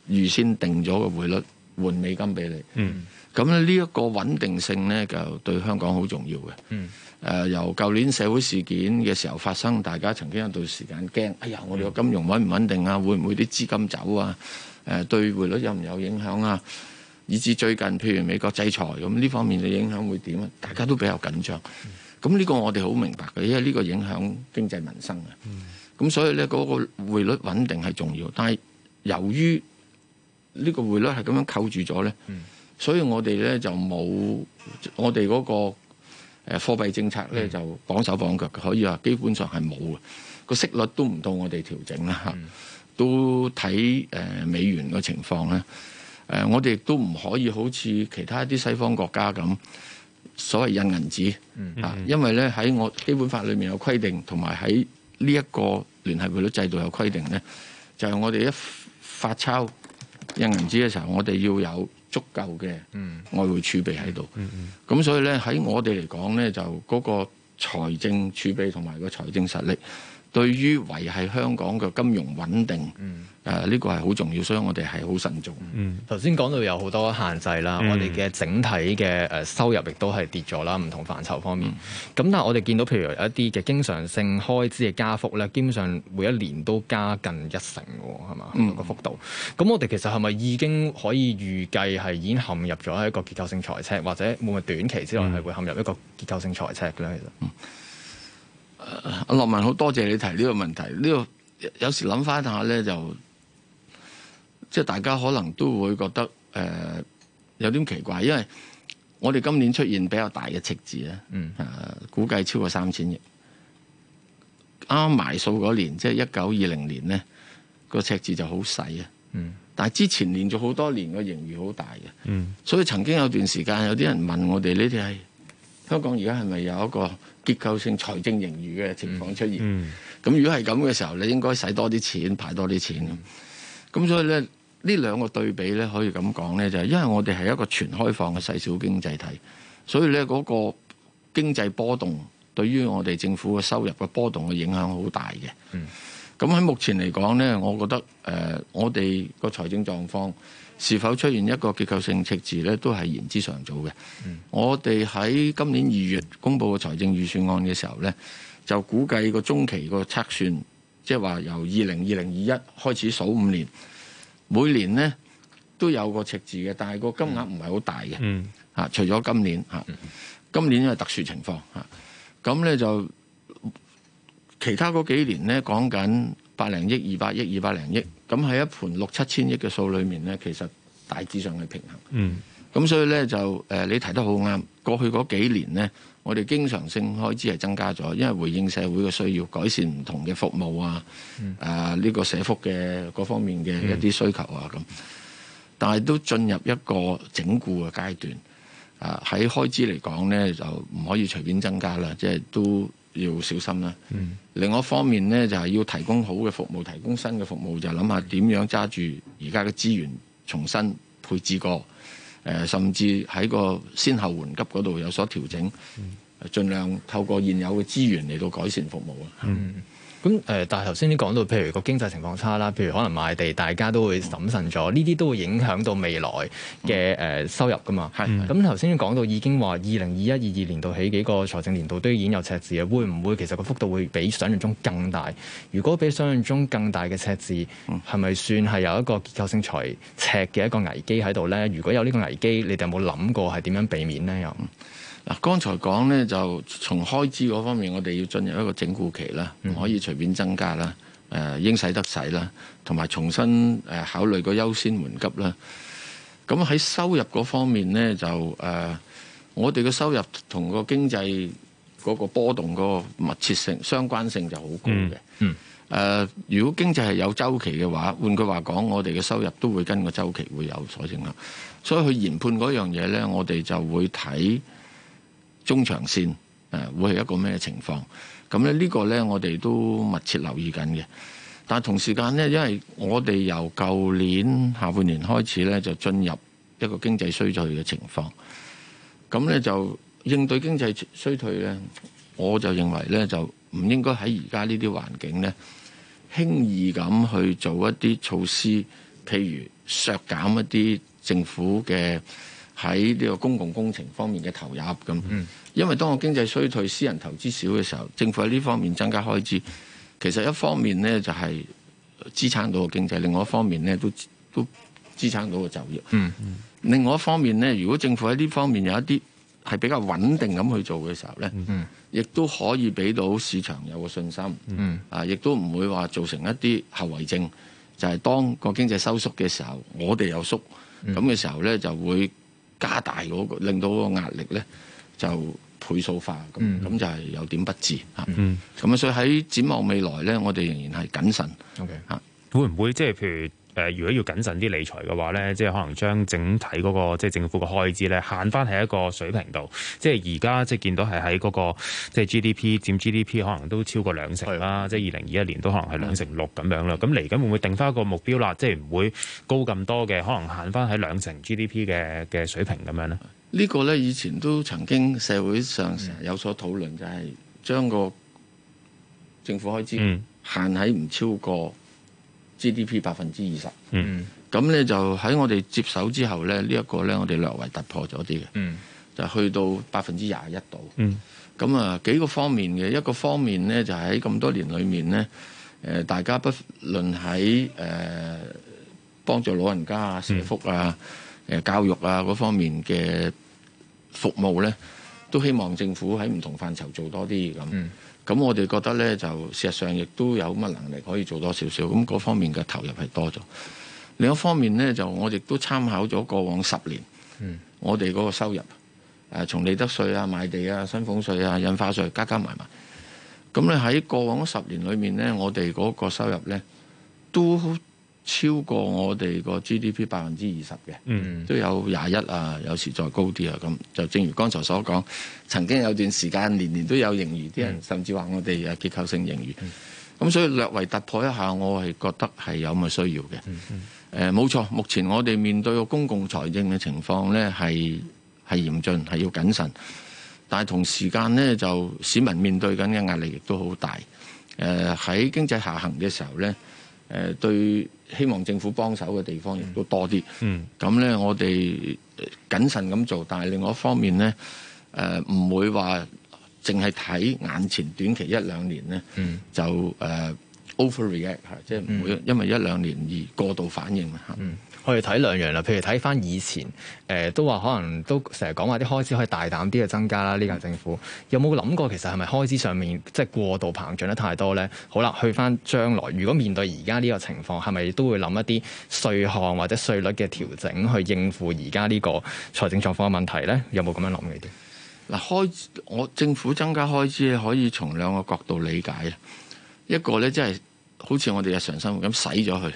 預先定咗嘅匯率換美金俾你。咁呢一個穩定性咧，就對香港好重要嘅。嗯嗯誒、呃、由舊年社會事件嘅時候發生，大家曾經一段時間驚，哎呀，我哋個金融穩唔穩定啊？會唔會啲資金走啊？誒、呃、對匯率有唔有影響啊？以至最近譬如美國制裁咁呢方面嘅影響會點啊？大家都比較緊張。咁呢、嗯、個我哋好明白嘅，因為呢個影響經濟民生啊。咁、嗯、所以咧嗰、嗰個匯率穩定係重要，但係由於呢個匯率係咁樣扣住咗咧，嗯、所以我哋咧就冇我哋嗰、嗰個。誒貨幣政策咧就綁手綁腳嘅，可以話基本上係冇嘅。個息率都唔到我哋調整啦，都睇誒美元嘅情況咧。誒我哋亦都唔可以好似其他一啲西方國家咁，所謂印銀紙啊，因為咧喺我基本法裏面有規定，同埋喺呢一個聯繫匯率制度有規定咧，就係我哋一發鈔印銀紙嘅時候，我哋要有。足夠嘅，外匯儲備喺度。咁 所以咧，喺我哋嚟講咧，就嗰個財政儲備同埋個財政實力。對於維係香港嘅金融穩定，誒呢、嗯啊這個係好重要，所以我哋係好慎重。頭先講到有好多限制啦，嗯、我哋嘅整體嘅誒收入亦都係跌咗啦，唔同範疇方面。咁、嗯、但係我哋見到譬如有一啲嘅經常性開支嘅加幅咧，基本上每一年都加近一成嘅喎，係嘛個幅度？咁、嗯、我哋其實係咪已經可以預計係已經陷入咗一個結構性財赤，或者會唔會短期之內係會陷入一個結構性財赤嘅咧？其實、嗯？阿樂、啊、文好多謝你提呢個問題，呢、這個有時諗翻下呢，就即係大家可能都會覺得誒、呃、有點奇怪，因為我哋今年出現比較大嘅赤字咧、嗯呃，估計超過三千億。啱埋數嗰年，即係一九二零年呢個赤字就好細啊，但係之前連續好多年個盈餘好大嘅，所以曾經有段時間有啲人問我哋呢啲係。哎香港而家係咪有一個結構性財政盈餘嘅情況出現？咁、嗯、如果係咁嘅時候，你應該使多啲錢，派多啲錢。咁所以咧，呢兩個對比咧，可以咁講咧，就係、是、因為我哋係一個全開放嘅細小經濟體，所以咧嗰個經濟波動對於我哋政府嘅收入嘅波動嘅影響好大嘅。咁喺、嗯、目前嚟講咧，我覺得誒、呃，我哋個財政狀況，是否出現一個結構性赤字咧，都係言之尚早嘅。嗯、我哋喺今年二月公布嘅財政預算案嘅時候咧，就估計個中期個測算，即係話由二零二零二一開始數五年，每年咧都有個赤字嘅，但係個金額唔係好大嘅。嚇、嗯，除咗今年嚇，嗯、今年因為特殊情況嚇，咁咧就其他嗰幾年咧講緊百零億、二百億、二百零億。咁喺一盤六七千億嘅數裏面咧，其實大致上係平衡。嗯，咁所以咧就誒、呃，你提得好啱。過去嗰幾年咧，我哋經常性開支係增加咗，因為回應社會嘅需要，改善唔同嘅服務啊，啊呢、嗯呃呢個社福嘅各方面嘅一啲需求啊咁。嗯、但係都進入一個整固嘅階段。啊、呃，喺開支嚟講咧，就唔可以隨便增加啦，即係都，要小心啦。另外一方面咧，就係、是、要提供好嘅服務，提供新嘅服務，就諗下點樣揸住而家嘅資源重新配置過，誒、呃，甚至喺個先後緩急嗰度有所調整，盡量透過現有嘅資源嚟到改善服務。啊、嗯。咁誒，但係頭先你講到，譬如個經濟情況差啦，譬如可能賣地，大家都會審慎咗，呢啲都會影響到未來嘅誒收入噶嘛。係、嗯。咁頭先講到已經話二零二一、二二年度起幾個財政年度都已經有赤字啊，會唔會其實個幅度會比想像中更大？如果比想像中更大嘅赤字，係咪算係有一個結構性財赤嘅一個危機喺度咧？如果有呢個危機，你哋有冇諗過係點樣避免咧？又、嗯？嗱，剛才講咧，就從開支嗰方面，我哋要進入一個整固期啦，唔、嗯、可以隨便增加啦。誒、呃，應使得使啦，同埋重新誒考慮個優先緩急啦。咁喺收入嗰方面咧，就誒、呃、我哋嘅收入同個經濟嗰個波動嗰個密切性相關性就好高嘅、嗯。嗯。誒、呃，如果經濟係有周期嘅話，換句話講，我哋嘅收入都會跟個周期會有所影響。所以去研判嗰樣嘢咧，我哋就會睇。中長線誒會係一個咩情況？咁咧呢個呢，我哋都密切留意緊嘅。但同時間呢，因為我哋由舊年下半年開始呢，就進入一個經濟衰退嘅情況。咁呢，就應對經濟衰退呢，我就認為呢，就唔應該喺而家呢啲環境呢，輕易咁去做一啲措施，譬如削減一啲政府嘅。喺呢個公共工程方面嘅投入咁，因為當個經濟衰退、私人投資少嘅時候，政府喺呢方面增加開支，其實一方面咧就係支撐到個經濟，另外一方面咧都都支撐到個就業。嗯嗯，另外一方面咧，如果政府喺呢方面有一啲係比較穩定咁去做嘅時候咧，嗯，亦都可以俾到市場有個信心。嗯，啊，亦都唔會話造成一啲後遺症，就係當個經濟收縮嘅時候，我哋又縮咁嘅時候咧就會。加大嗰、那個、令到嗰個壓力咧，就倍數化咁，咁、嗯、就係有點不智嚇。咁、嗯、啊，所以喺展望未來咧，我哋仍然係謹慎嚇。Okay. 啊、會唔會即係、就是、譬如？誒，如果要謹慎啲理財嘅話呢，即係可能將整體嗰個即係政府嘅開支呢，限翻喺一個水平度。即係而家即係見到係喺嗰個即係 GDP 佔 GDP 可能都超過兩成啦，的即係二零二一年都可能係兩成六咁的樣啦。咁嚟緊會唔會定翻一個目標啦？即係唔會高咁多嘅，可能限翻喺兩成 GDP 嘅嘅水平咁樣呢？呢個呢，以前都曾經社會上成日有所討論，的就係將個政府開支限喺唔超過、嗯。GDP 百分之二十，咁咧、mm hmm. 就喺我哋接手之後咧，這個、呢一個咧我哋略為突破咗啲嘅，mm hmm. 就去到百分之廿一度。咁、mm hmm. 啊幾個方面嘅一個方面咧，就喺、是、咁多年裏面咧，誒大家不論喺誒、呃、幫助老人家啊、社福啊、誒、mm hmm. 教育啊嗰方面嘅服務咧，都希望政府喺唔同範疇做多啲咁。Mm hmm. 咁我哋覺得呢，就事實上亦都有乜能力可以做多少少，咁嗰方面嘅投入係多咗。另一方面呢，就我亦都參考咗過往十年，嗯、我哋嗰個收入，誒、呃，從利得稅啊、賣地啊、薪俸稅啊、印花稅，加加埋埋。咁你喺過往十年裏面呢，我哋嗰個收入呢都超過我哋個 GDP 百分之二十嘅，mm hmm. 都有廿一啊，有時再高啲啊，咁就正如剛才所講，曾經有段時間年年都有盈餘，啲人、mm hmm. 甚至話我哋有結構性盈餘，咁、mm hmm. 所以略為突破一下，我係覺得係有咁嘅需要嘅。誒、mm，冇、hmm. 呃、錯，目前我哋面對個公共財政嘅情況咧，係係嚴峻，係要謹慎。但係同時間咧，就市民面對緊嘅壓力亦都好大。誒、呃，喺經濟下行嘅時候咧。呢誒、呃、對，希望政府幫手嘅地方亦都多啲。嗯，咁咧我哋謹慎咁做，但係另外一方面咧，誒、呃、唔會話淨係睇眼前短期一兩年咧。嗯，就誒。呃 overreact 即係唔、嗯、會因為一兩年而過度反應嘛嚇、嗯。我哋睇兩樣啦，譬如睇翻以前，誒、呃、都話可能都成日講話啲開支可以大膽啲去增加啦。呢屆政府有冇諗過其實係咪開支上面即係、就是、過度膨脹得太多呢？好啦，去翻將來，如果面對而家呢個情況，係咪都會諗一啲稅項或者稅率嘅調整去應付而家呢個財政狀況嘅問題呢？有冇咁樣諗嘅啲？嗱，開我政府增加開支可以從兩個角度理解啊。一個咧，即係好似我哋日常生活咁使咗佢，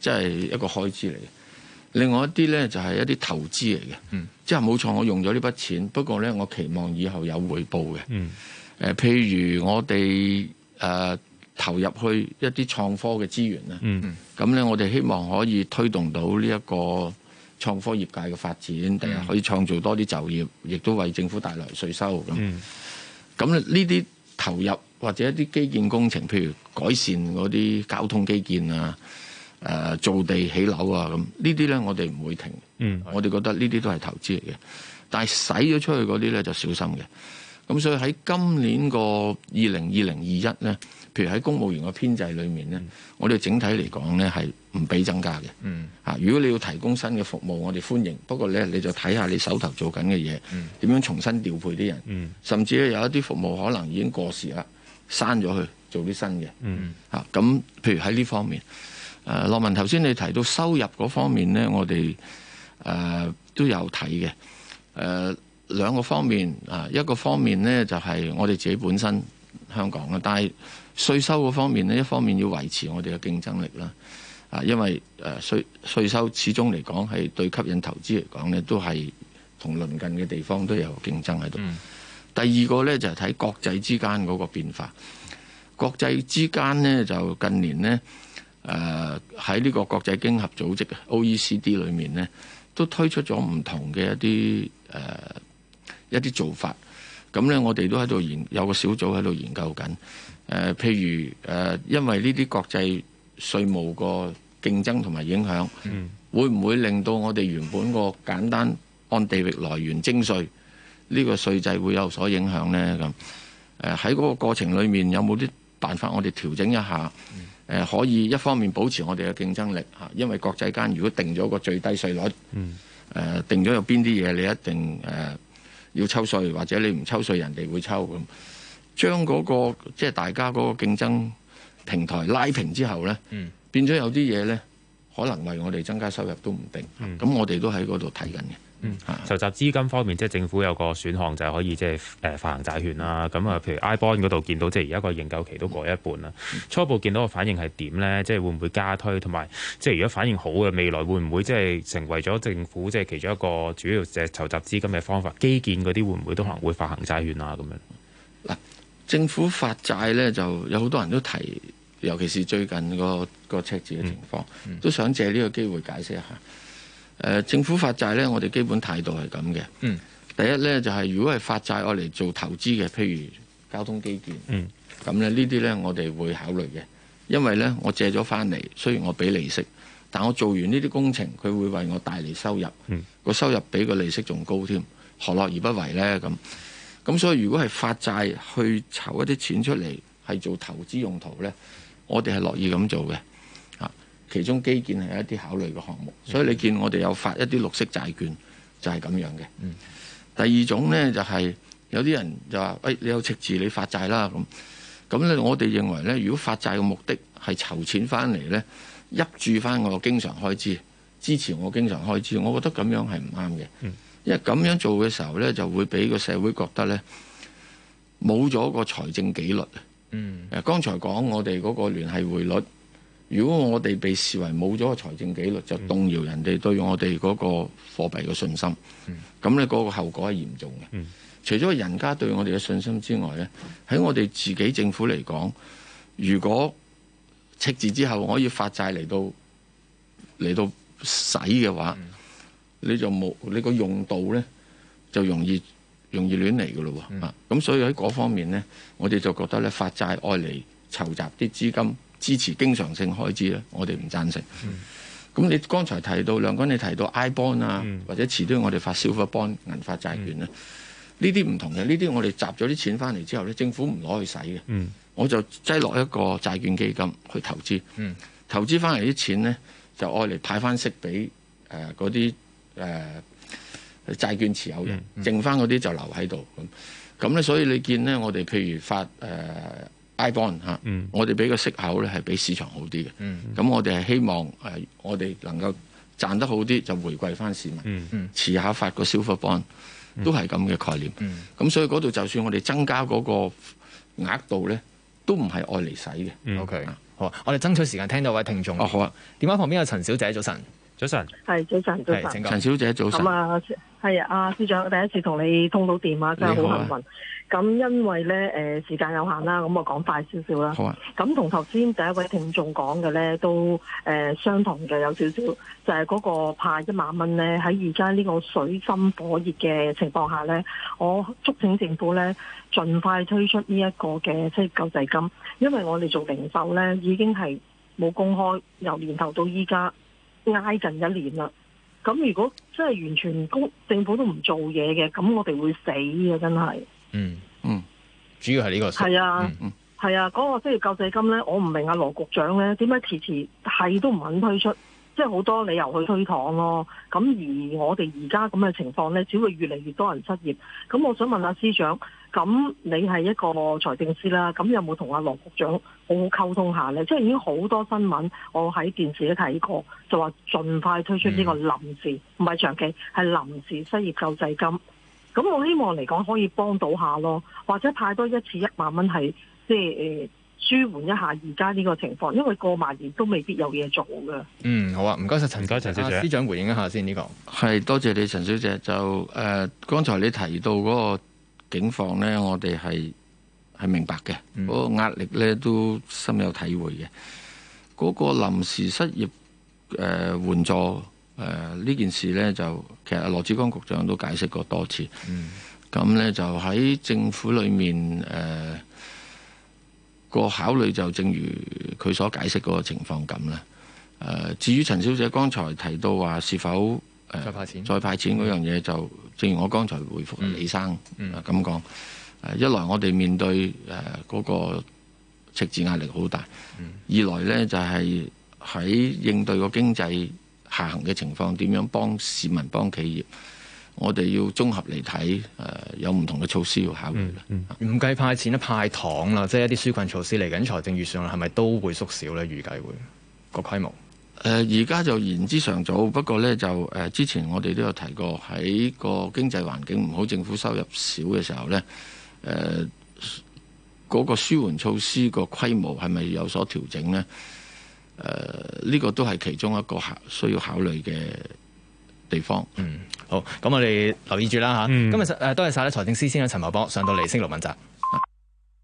即係、嗯、一個開支嚟嘅。另外一啲咧，就係一啲投資嚟嘅，嗯、即係冇錯，我用咗呢筆錢，不過咧，我期望以後有回報嘅、嗯呃。譬如我哋誒、呃、投入去一啲創科嘅資源咧，咁咧、嗯，嗯、我哋希望可以推動到呢一個創科業界嘅發展，定係、嗯、可以創造多啲就業，亦都為政府帶來稅收咁。咁呢啲投入。或者一啲基建工程，譬如改善嗰啲交通基建啊，誒、呃、造地起樓啊咁，呢啲咧我哋唔會停。嗯，我哋覺得呢啲都係投資嚟嘅。但係使咗出去嗰啲咧就小心嘅。咁所以喺今年個二零二零二一咧，譬如喺公務員嘅編制裏面咧，嗯、我哋整體嚟講咧係唔俾增加嘅。嗯，嚇，如果你要提供新嘅服務，我哋歡迎。不過咧，你就睇下你手頭做緊嘅嘢，嗯、點樣重新調配啲人。嗯，甚至咧有一啲服務可能已經過時啦。刪咗去，做啲新嘅。嚇、嗯，咁、啊、譬如喺呢方面，誒、呃，羅文頭先你提到收入嗰方面呢，我哋誒、呃、都有睇嘅。誒、呃、兩個方面，啊、呃，一個方面呢，就係、是、我哋自己本身香港啦，但係稅收嗰方面呢，一方面要維持我哋嘅競爭力啦。啊，因為誒稅稅收始終嚟講係對吸引投資嚟講呢，都係同鄰近嘅地方都有競爭喺度。嗯。第二個呢，就係、是、睇國際之間嗰個變化，國際之間呢，就近年呢，誒喺呢個國際經合組織 OECD 裏面呢，都推出咗唔同嘅一啲誒、呃、一啲做法。咁呢，我哋都喺度研有個小組喺度研究緊。誒、呃，譬如誒、呃，因為呢啲國際稅務個競爭同埋影響，嗯、會唔會令到我哋原本個簡單按地域來源徵稅，呢個稅制會有所影響呢。咁，喺、呃、嗰個過程裡面有冇啲辦法我哋調整一下、呃？可以一方面保持我哋嘅競爭力嚇，因為國際間如果定咗個最低稅率，嗯呃、定咗有邊啲嘢你一定要、呃、要抽稅，或者你唔抽稅人哋會抽咁，將嗰、那個即係、就是、大家嗰個競爭平台拉平之後呢，嗯、變咗有啲嘢呢，可能為我哋增加收入都唔定，咁、嗯嗯、我哋都喺嗰度睇緊嘅。嗯，籌集資金方面，即係政府有個選項，就係可以即係誒發行債券啦。咁啊，譬如 I bond 嗰度見到，即係而家個認購期都過一半啦。嗯、初步見到個反應係點咧？即係會唔會加推？同埋即係如果反應好嘅，未來會唔會即係成為咗政府即係其中一個主要嘅籌集資金嘅方法？基建嗰啲會唔會都可能會發行債券啊？咁樣嗱，政府發債咧就有好多人都提，尤其是最近個個赤字嘅情況，嗯嗯、都想借呢個機會解釋一下。呃、政府發債呢，我哋基本態度係咁嘅。嗯、第一呢，就係、係、如果係發債我嚟做投資嘅，譬如交通基建，咁咧、嗯、呢啲呢，我哋會考慮嘅。因為呢，我借咗翻嚟，雖然我俾利息，但我做完呢啲工程，佢會為我帶嚟收入。個、嗯、收入比個利息仲高添，何樂而不為呢？咁咁所以如果係發債去籌一啲錢出嚟係做投資用途呢，我哋係樂意咁做嘅。其中基建係一啲考慮嘅項目，嗯、所以你見我哋有發一啲綠色債券，就係、是、咁樣嘅。嗯、第二種呢，就係、是、有啲人就話：哎「誒，你有赤字，你發債啦。咁咁咧，我哋認為呢，如果發債嘅目的係籌錢翻嚟呢，挹注翻我經常開支，支持我經常開支，我覺得咁樣係唔啱嘅。嗯、因為咁樣做嘅時候呢，就會俾個社會覺得呢，冇咗個財政紀律。誒、嗯，剛才講我哋嗰個聯繫匯率。如果我哋被視為冇咗個財政紀律，就動搖人哋對我哋嗰個貨幣嘅信心，咁咧嗰個後果係嚴重嘅。除咗人家對我哋嘅信心之外呢，喺我哋自己政府嚟講，如果赤字之後可以發債嚟到嚟到使嘅話，你就冇你個用度呢，就容易容易亂嚟㗎咯喎。啊，咁所以喺嗰方面呢，我哋就覺得咧，發債愛嚟籌集啲資金。支持經常性開支咧，我哋唔贊成。咁、嗯、你剛才提到梁君，你提到 iBond 啊，嗯、或者遲啲我哋發 Silver bond、銀發債券咧，呢啲唔同嘅。呢啲我哋集咗啲錢翻嚟之後咧，政府唔攞去使嘅。嗯、我就擠落一個債券基金去投資，嗯、投資翻嚟啲錢呢，就愛嚟派翻息俾誒嗰啲誒債券持有人，嗯、剩翻嗰啲就留喺度。咁咁咧，所以你見呢，我哋譬如發誒。iBond 嚇，我哋俾個息口咧，係比市場好啲嘅，咁我哋係希望誒我哋能夠賺得好啲就回饋翻市民，遲下發個 Silver Bond 都係咁嘅概念，咁所以嗰度就算我哋增加嗰個額度咧，都唔係愛嚟使嘅。OK，好啊，我哋爭取時間聽到位聽眾。哦，好啊，電話旁邊有陳小姐，早晨。早晨，係早晨，早晨，陳小姐早晨。咁啊，係啊，司長，第一次同你通到電話真係好幸、啊、運。咁因為咧，誒、呃，時間有限啦，咁我講快少少啦。咁同頭先第一位聽眾講嘅咧，都誒、呃、相同嘅，有少少就係、是、嗰個派一萬蚊咧，喺而家呢個水深火熱嘅情況下咧，我促請政府咧盡快推出呢一個嘅即係救濟金，因為我哋做零售咧已經係冇公開，由年頭到依家。挨近一年啦，咁如果真係完全公政府都唔做嘢嘅，咁我哋會死嘅。真係，嗯嗯，主要係呢個，係、嗯、啊，係、嗯、啊，嗰、嗰個即係救濟金咧，我唔明阿羅局長咧，點解遲遲係都唔肯推出？即係好多理由去推搪咯，咁而我哋而家咁嘅情況咧，只會越嚟越多人失業。咁我想問下、啊、司長，咁你係一個財政司啦，咁有冇同阿羅局長好好溝通下咧？即係已經好多新聞，我喺電視都睇過，就話盡快推出呢個臨時，唔係長期，係臨時失業救濟金。咁我希望嚟講可以幫到下咯，或者派多一次一萬蚊，係即係誒。呃舒緩一下而家呢個情況，因為過萬年都未必有嘢做嘅。嗯，好啊，唔該晒陳，家，該陳小姐、啊，司長回應一下先、這、呢個。係多謝你，陳小姐。就誒、呃，剛才你提到嗰個警況呢，我哋係係明白嘅，嗰、嗯、個壓力呢，都深有體會嘅。嗰、那個臨時失業誒、呃、援助誒呢、呃、件事呢，就其實、啊、羅致光局長都解釋過多次。嗯，咁呢就喺政府裏面誒。呃呃個考慮就正如佢所解釋嗰個情況咁啦。至於陳小姐剛才提到話是否、呃、再派錢，再派錢嗰樣嘢就，嗯、就正如我剛才回覆李生咁講。嗯嗯、一來我哋面對誒嗰、呃嗰個赤字壓力好大，嗯、二來呢就係、是、喺應對個經濟下行嘅情況，點樣幫市民、幫企業？我哋要綜合嚟睇，誒、呃、有唔同嘅措施要考慮。唔計派錢咧，派糖啦，即係一啲紓困措施嚟緊。財政預算係咪都會縮小呢？預計會個規模。而家就言之尚早，不過呢，就誒、呃、之前我哋都有提過，喺個經濟環境唔好、政府收入少嘅時候呢，誒、呃、嗰、那個舒緩措施個規模係咪有所調整呢？誒、呃、呢、這個都係其中一個考需要考慮嘅地方。嗯。好，咁我哋留意住啦嚇。嗯、今日誒，多謝晒咧財政司司長陳茂波上到嚟，升盧敏澤。